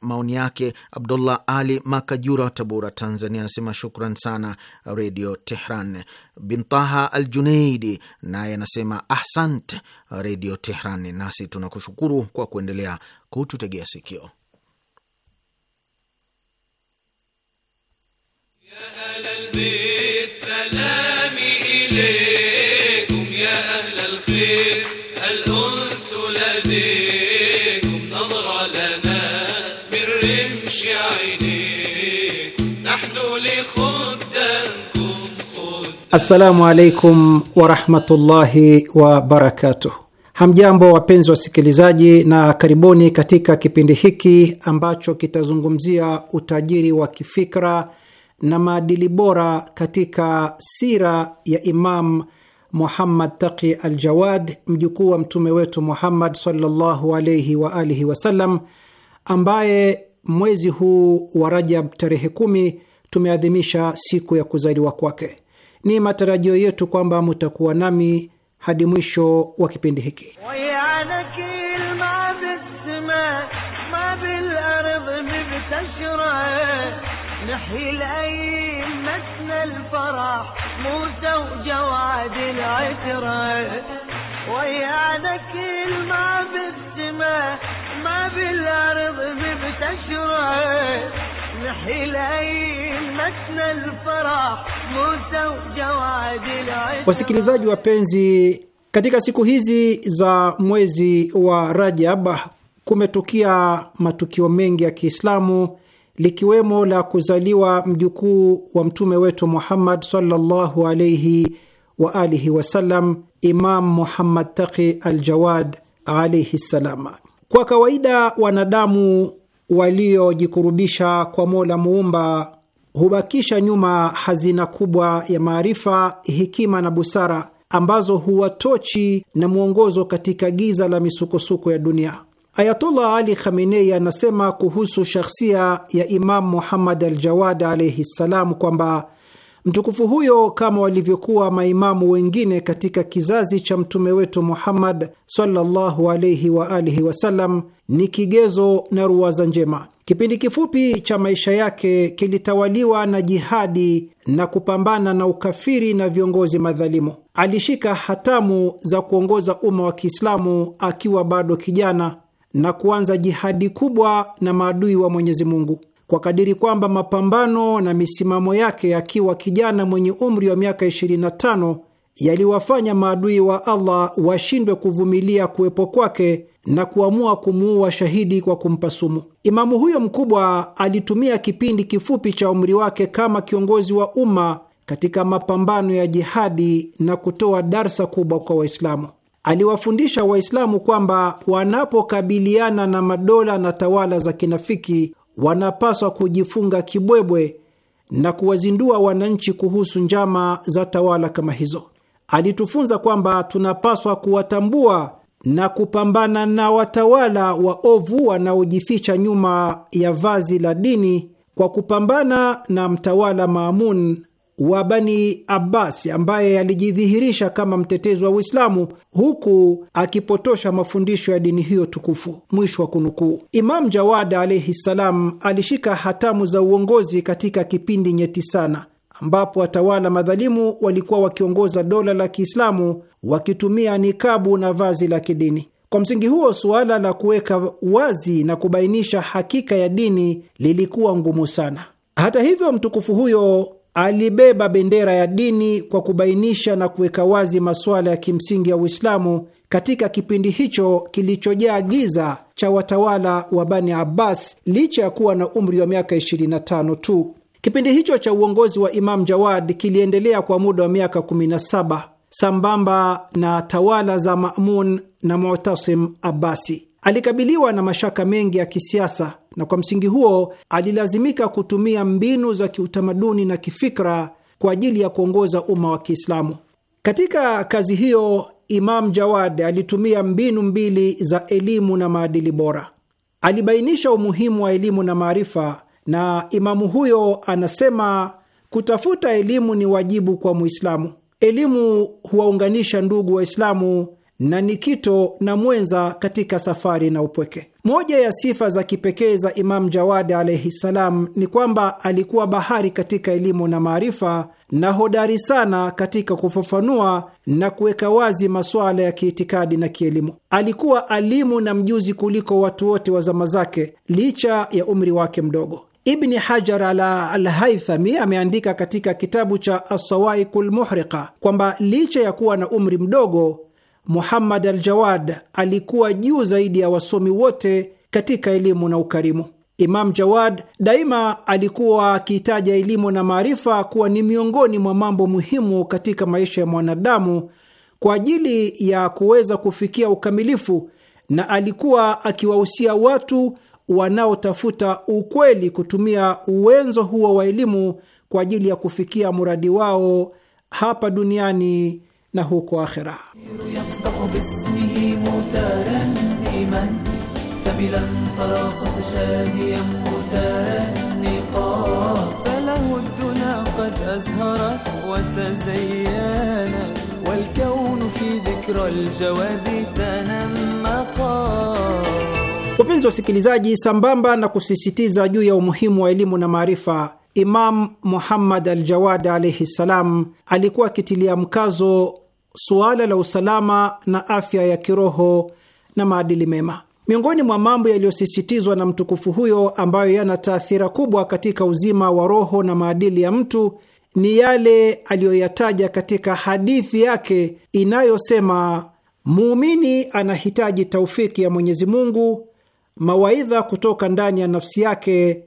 maoni yake Abdullah Ali Makajura wa Tabora, Tanzania, anasema shukran sana Redio Tehran. Bintaha Al Juneidi naye anasema ahsant Redio Tehran. Nasi tunakushukuru kwa kuendelea kututegea sikio. Assalamu alaikum warahmatullahi wabarakatuh. Hamjambo wapenzi wasikilizaji, na karibuni katika kipindi hiki ambacho kitazungumzia utajiri wa kifikra na maadili bora katika sira ya Imam Muhammad Taqi al Jawad, mjukuu wa mtume wetu Muhammad sallallahu alaihi wa alihi wasallam, ambaye mwezi huu wa Rajab tarehe kumi tumeadhimisha siku ya kuzaliwa kwake. Ni matarajio yetu kwamba mutakuwa nami hadi mwisho wa kipindi hiki. Wasikilizaji wapenzi, katika siku hizi za mwezi wa Rajab kumetukia matukio mengi ya Kiislamu likiwemo la kuzaliwa mjukuu wa mtume wetu Muhammad sallallahu alaihi wa alihi wasallam, Imam Muhammad Taqi Aljawad alaihi ssalama. Kwa kawaida wanadamu waliojikurubisha kwa Mola muumba hubakisha nyuma hazina kubwa ya maarifa, hekima na busara ambazo huwatochi na mwongozo katika giza la misukosuko ya dunia. Ayatullah Ali Khamenei anasema kuhusu shakhsia ya Imamu Muhammad al-Jawad alaihi ssalam kwamba mtukufu huyo kama walivyokuwa maimamu wengine katika kizazi cha mtume wetu Muhammad sallallahu alaihi wa alihi wasallam ni kigezo na ruwaza njema. Kipindi kifupi cha maisha yake kilitawaliwa na jihadi na kupambana na ukafiri na viongozi madhalimu. Alishika hatamu za kuongoza umma wa Kiislamu akiwa bado kijana na kuanza jihadi kubwa na maadui wa Mwenyezi Mungu kwa kadiri kwamba mapambano na misimamo yake akiwa kijana mwenye umri wa miaka 25 yaliwafanya maadui wa Allah washindwe kuvumilia kuwepo kwake na kuamua kumuua shahidi kwa kumpa sumu. Imamu huyo mkubwa alitumia kipindi kifupi cha umri wake kama kiongozi wa umma katika mapambano ya jihadi na kutoa darsa kubwa kwa Waislamu. Aliwafundisha Waislamu kwamba wanapokabiliana na madola na tawala za kinafiki, wanapaswa kujifunga kibwebwe na kuwazindua wananchi kuhusu njama za tawala kama hizo alitufunza kwamba tunapaswa kuwatambua na kupambana na watawala waovu wanaojificha nyuma ya vazi la dini kwa kupambana na mtawala Maamun wa Bani Abbas ambaye alijidhihirisha kama mtetezi wa Uislamu huku akipotosha mafundisho ya dini hiyo tukufu. Mwisho wa kunukuu. Imam Jawad alaihi ssalam alishika hatamu za uongozi katika kipindi nyeti sana ambapo watawala madhalimu walikuwa wakiongoza dola la Kiislamu wakitumia nikabu na vazi la kidini. Kwa msingi huo, suala la kuweka wazi na kubainisha hakika ya dini lilikuwa ngumu sana. Hata hivyo, mtukufu huyo alibeba bendera ya dini kwa kubainisha na kuweka wazi masuala ya kimsingi ya Uislamu katika kipindi hicho kilichojaa giza cha watawala wa Bani Abbas licha ya kuwa na umri wa miaka 25 tu. Kipindi hicho cha uongozi wa Imam Jawad kiliendelea kwa muda wa miaka 17 sambamba na tawala za Mamun na Mutasim Abbasi. Alikabiliwa na mashaka mengi ya kisiasa na kwa msingi huo alilazimika kutumia mbinu za kiutamaduni na kifikra kwa ajili ya kuongoza umma wa Kiislamu. Katika kazi hiyo, Imam Jawad alitumia mbinu mbili za elimu na maadili bora. Alibainisha umuhimu wa elimu na maarifa na imamu huyo anasema kutafuta elimu ni wajibu kwa Muislamu. Elimu huwaunganisha ndugu Waislamu na ni kito na mwenza katika safari na upweke. Moja ya sifa za kipekee za Imamu Jawadi alaihi ssalam ni kwamba alikuwa bahari katika elimu na maarifa na hodari sana katika kufafanua na kuweka wazi masuala ya kiitikadi na kielimu. Alikuwa alimu na mjuzi kuliko watu wote wa zama zake, licha ya umri wake mdogo. Ibni Hajar al Alhaithami ameandika katika kitabu cha Assawaiku Lmuhriqa kwamba licha ya kuwa na umri mdogo, Muhammad al-jawad alikuwa juu zaidi ya wasomi wote katika elimu na ukarimu. Imam Jawad daima alikuwa akiitaja elimu na maarifa kuwa ni miongoni mwa mambo muhimu katika maisha ya mwanadamu kwa ajili ya kuweza kufikia ukamilifu, na alikuwa akiwahusia watu wanaotafuta ukweli kutumia uwenzo huo wa elimu kwa ajili ya kufikia muradi wao hapa duniani na huko akhera. Wapenzi wasikilizaji, sambamba na kusisitiza juu ya umuhimu wa elimu na maarifa, Imam Muhammad al-Jawad alaihi ssalam alikuwa akitilia mkazo suala la usalama na afya ya kiroho na maadili mema. Miongoni mwa mambo yaliyosisitizwa na mtukufu huyo ambayo yana taathira kubwa katika uzima wa roho na maadili ya mtu ni yale aliyoyataja katika hadithi yake inayosema, muumini anahitaji taufiki ya Mwenyezi Mungu mawaidha kutoka ndani ya nafsi yake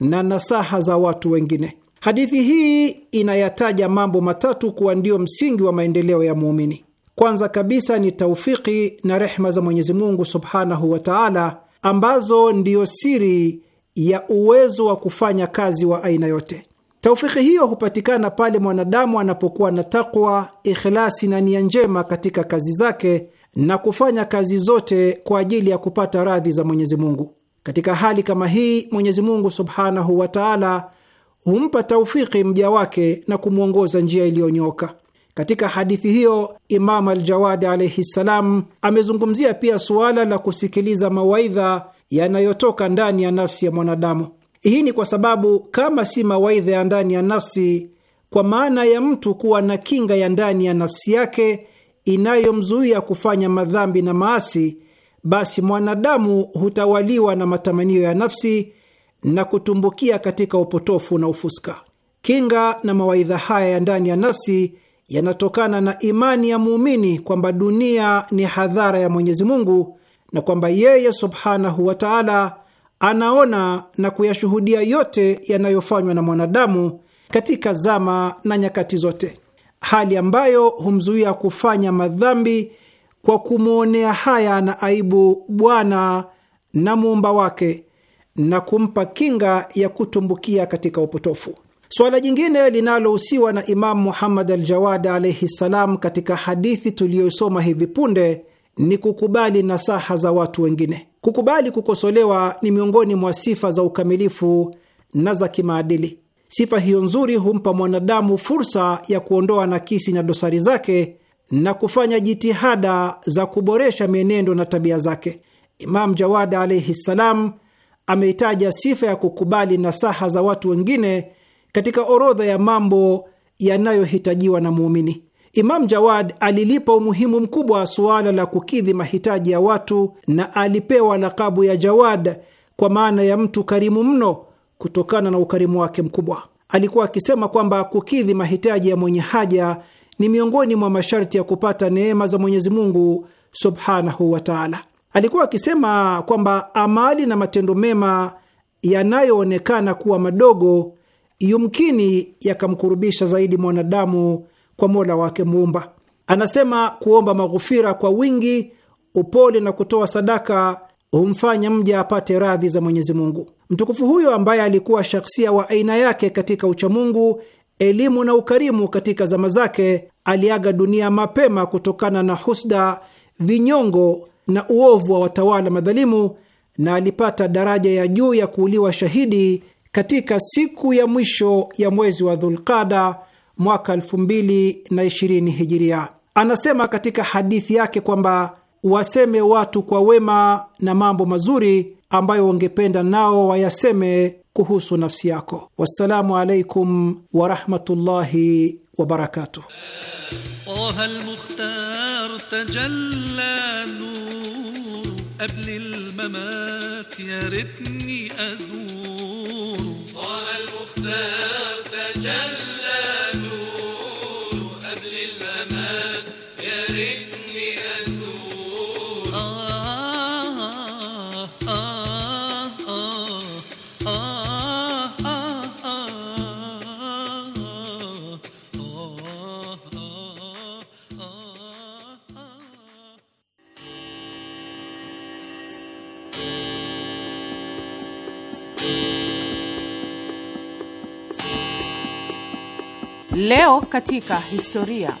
na nasaha za watu wengine. Hadithi hii inayataja mambo matatu kuwa ndio msingi wa maendeleo ya muumini. Kwanza kabisa ni taufiki na rehma za Mwenyezi Mungu subhanahu wa taala, ambazo ndiyo siri ya uwezo wa kufanya kazi wa aina yote. Taufiki hiyo hupatikana pale mwanadamu anapokuwa na takwa, ikhlasi na nia njema katika kazi zake na kufanya kazi zote kwa ajili ya kupata radhi za Mwenyezi Mungu. Katika hali kama hii, Mwenyezi Mungu subhanahu wa taala humpa taufiki mja wake na kumwongoza njia iliyonyoka. Katika hadithi hiyo Imam Aljawadi alaihi ssalam amezungumzia pia suala la kusikiliza mawaidha yanayotoka ndani ya nafsi ya mwanadamu. Hii ni kwa sababu kama si mawaidha ya ndani ya nafsi, kwa maana ya mtu kuwa na kinga ya ndani ya nafsi yake inayomzuia kufanya madhambi na maasi, basi mwanadamu hutawaliwa na matamanio ya nafsi na kutumbukia katika upotofu na ufuska. Kinga na mawaidha haya ya ndani ya nafsi yanatokana na imani ya muumini kwamba dunia ni hadhara ya Mwenyezi Mungu na kwamba yeye subhanahu wa taala anaona na kuyashuhudia yote yanayofanywa na mwanadamu katika zama na nyakati zote hali ambayo humzuia kufanya madhambi kwa kumwonea haya na aibu Bwana na muumba wake na kumpa kinga ya kutumbukia katika upotofu. Suala jingine linalohusiwa na Imamu Muhammad Jawad alaihi ssalam katika hadithi tuliyosoma hivi punde ni kukubali nasaha za watu wengine. Kukubali kukosolewa ni miongoni mwa sifa za ukamilifu na za kimaadili. Sifa hiyo nzuri humpa mwanadamu fursa ya kuondoa nakisi na dosari zake na kufanya jitihada za kuboresha mienendo na tabia zake. Imam Jawad alaihi ssalam ameitaja sifa ya kukubali nasaha za watu wengine katika orodha ya mambo yanayohitajiwa na muumini. Imam Jawad alilipa umuhimu mkubwa suala la kukidhi mahitaji ya watu na alipewa lakabu ya Jawad kwa maana ya mtu karimu mno kutokana na ukarimu wake mkubwa. Alikuwa akisema kwamba kukidhi mahitaji ya mwenye haja ni miongoni mwa masharti ya kupata neema za Mwenyezi Mungu subhanahu wa taala. Alikuwa akisema kwamba amali na matendo mema yanayoonekana kuwa madogo yumkini yakamkurubisha zaidi mwanadamu kwa mola wake Muumba. Anasema kuomba maghufira kwa wingi, upole na kutoa sadaka humfanya mja apate radhi za Mwenyezi Mungu. Mtukufu huyo ambaye alikuwa shakhsia wa aina yake katika uchamungu, elimu na ukarimu katika zama zake, aliaga dunia mapema kutokana na husda, vinyongo na uovu wa watawala madhalimu, na alipata daraja ya juu ya kuuliwa shahidi katika siku ya mwisho ya mwezi wa Dhulqada mwaka 2020 hijiria. Anasema katika hadithi yake kwamba waseme watu kwa wema na mambo mazuri ambayo wangependa nao wayaseme kuhusu nafsi yako. Wassalamu alaikum warahmatullahi wabarakatuh. Oh, Leo katika historia.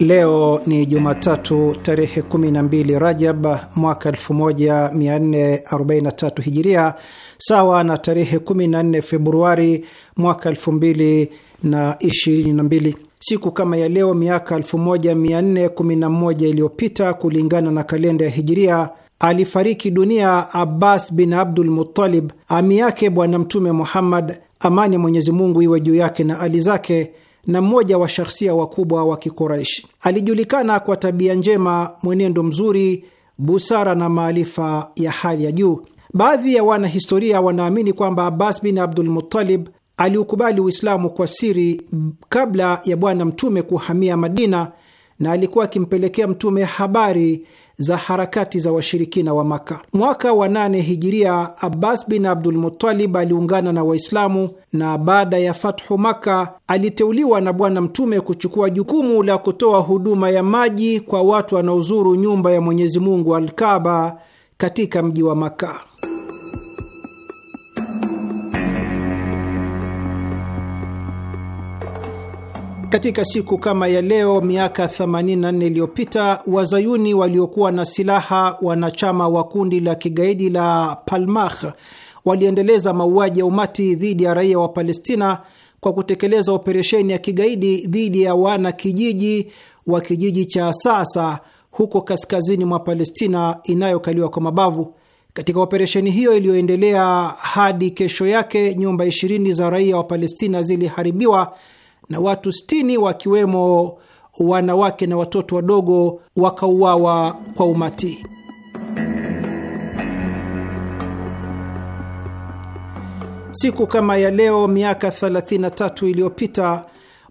Leo ni Jumatatu tarehe 12 Rajab mwaka 1443 Hijiria, sawa na tarehe 14 Februari mwaka 2022. Siku kama ya leo miaka 1411 iliyopita kulingana na kalenda ya Hijiria alifariki dunia Abbas bin Abdul Muttalib, ami yake Bwana Mtume Muhammad Amani ya Mwenyezi Mungu iwe juu yake na ali zake, na mmoja wa shahsia wakubwa wa kikuraishi Alijulikana kwa tabia njema, mwenendo mzuri, busara na maarifa ya hali ya juu. Baadhi ya wanahistoria wanaamini kwamba Abbas bin Abdul Muttalib aliukubali Uislamu kwa siri kabla ya Bwana Mtume kuhamia Madina na alikuwa akimpelekea Mtume habari za harakati za washirikina wa Maka. Mwaka wa nane hijiria, Abbas bin Abdul Muttalib aliungana na Waislamu na baada ya fathu Maka aliteuliwa na Bwana Mtume kuchukua jukumu la kutoa huduma ya maji kwa watu wanaozuru nyumba ya Mwenyezi Mungu Alkaba katika mji wa Maka. Katika siku kama ya leo miaka 84 iliyopita wazayuni waliokuwa na silaha wanachama wa kundi la kigaidi la Palmach waliendeleza mauaji ya umati dhidi ya raia wa Palestina kwa kutekeleza operesheni ya kigaidi dhidi ya wana kijiji wa kijiji cha sasa huko kaskazini mwa Palestina inayokaliwa kwa mabavu. Katika operesheni hiyo iliyoendelea hadi kesho yake, nyumba 20 za raia wa Palestina ziliharibiwa na watu 60 wakiwemo wanawake na watoto wadogo wakauawa kwa umati. Siku kama ya leo miaka 33 iliyopita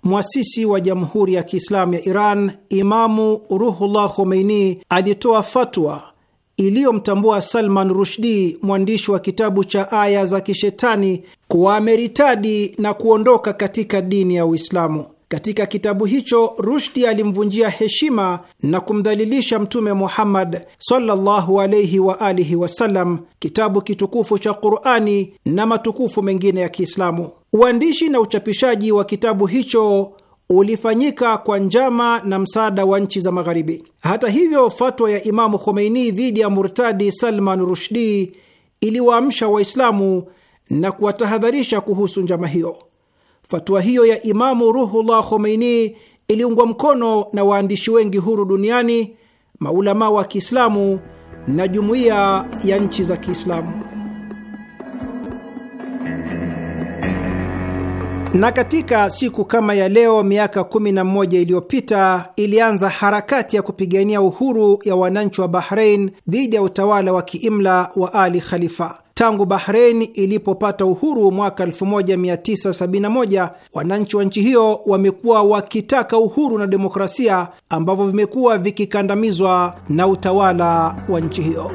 mwasisi wa Jamhuri ya Kiislamu ya Iran Imamu Ruhullah Khomeini alitoa fatwa iliyomtambua Salman Rushdi, mwandishi wa kitabu cha Aya za Kishetani, wameritadi na kuondoka katika dini ya Uislamu. Katika kitabu hicho Rushdi alimvunjia heshima na kumdhalilisha Mtume Muhammad sallallahu alayhi wa alihi wasallam, kitabu kitukufu cha Qurani na matukufu mengine ya Kiislamu. Uandishi na uchapishaji wa kitabu hicho ulifanyika kwa njama na msaada wa nchi za Magharibi. Hata hivyo, fatwa ya Imamu Khomeini dhidi ya murtadi Salman Rushdi iliwaamsha Waislamu na kuwatahadharisha kuhusu njama hiyo. Fatua hiyo ya Imamu Ruhullah Khomeini iliungwa mkono na waandishi wengi huru duniani, maulamaa wa Kiislamu na jumuiya ya nchi za Kiislamu. Na katika siku kama ya leo miaka 11 iliyopita ilianza harakati ya kupigania uhuru ya wananchi wa Bahrein dhidi ya utawala wa kiimla wa Ali Khalifa. Tangu Bahrein ilipopata uhuru mwaka 1971 wananchi wa nchi hiyo wamekuwa wakitaka uhuru na demokrasia ambavyo vimekuwa vikikandamizwa na utawala wa nchi hiyo.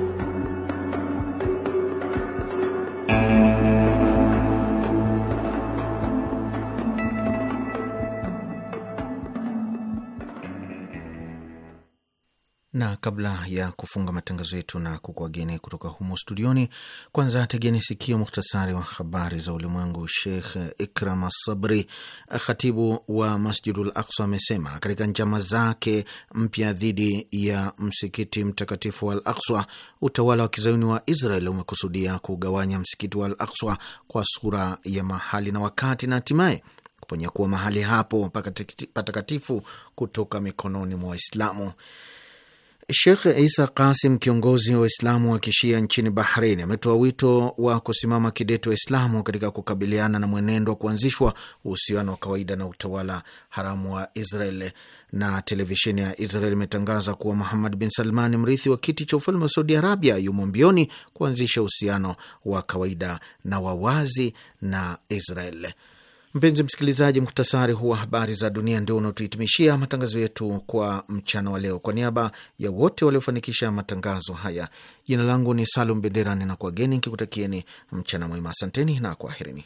na kabla ya kufunga matangazo yetu na kukuageni kutoka humo studioni, kwanza tegeni sikio muhtasari wa habari za ulimwengu. Sheikh Ikram Sabri, khatibu wa Masjidul Aqsa, amesema katika njama zake mpya dhidi ya msikiti mtakatifu wa Al Aqsa, utawala wa kizayuni wa Israel umekusudia kugawanya msikiti wa Al Aqsa kwa sura ya mahali na wakati na hatimaye kuponyakuwa mahali hapo patakatifu kutoka mikononi mwa Waislamu. Shekh Isa Kasim, kiongozi wa Waislamu wa kishia nchini Bahrein, ametoa wito wa kusimama kidete Waislamu katika kukabiliana na mwenendo wa kuanzishwa uhusiano wa kawaida na utawala haramu wa Israel. Na televisheni ya Israel imetangaza kuwa Muhammad bin Salman, mrithi wa kiti cha ufalme wa Saudi Arabia, yumo mbioni kuanzisha uhusiano wa kawaida na wawazi na Israel. Mpenzi msikilizaji, mktasari huu wa habari za dunia ndio unaotuhitimishia matangazo yetu kwa mchana wa leo. Kwa niaba ya wote waliofanikisha matangazo haya, jina langu ni Salum Bendera, ninakuwageni nikikutakieni mchana mwema. Asanteni na kwaherini.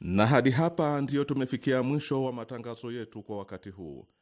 Na hadi hapa ndiyo tumefikia mwisho wa matangazo yetu kwa wakati huu.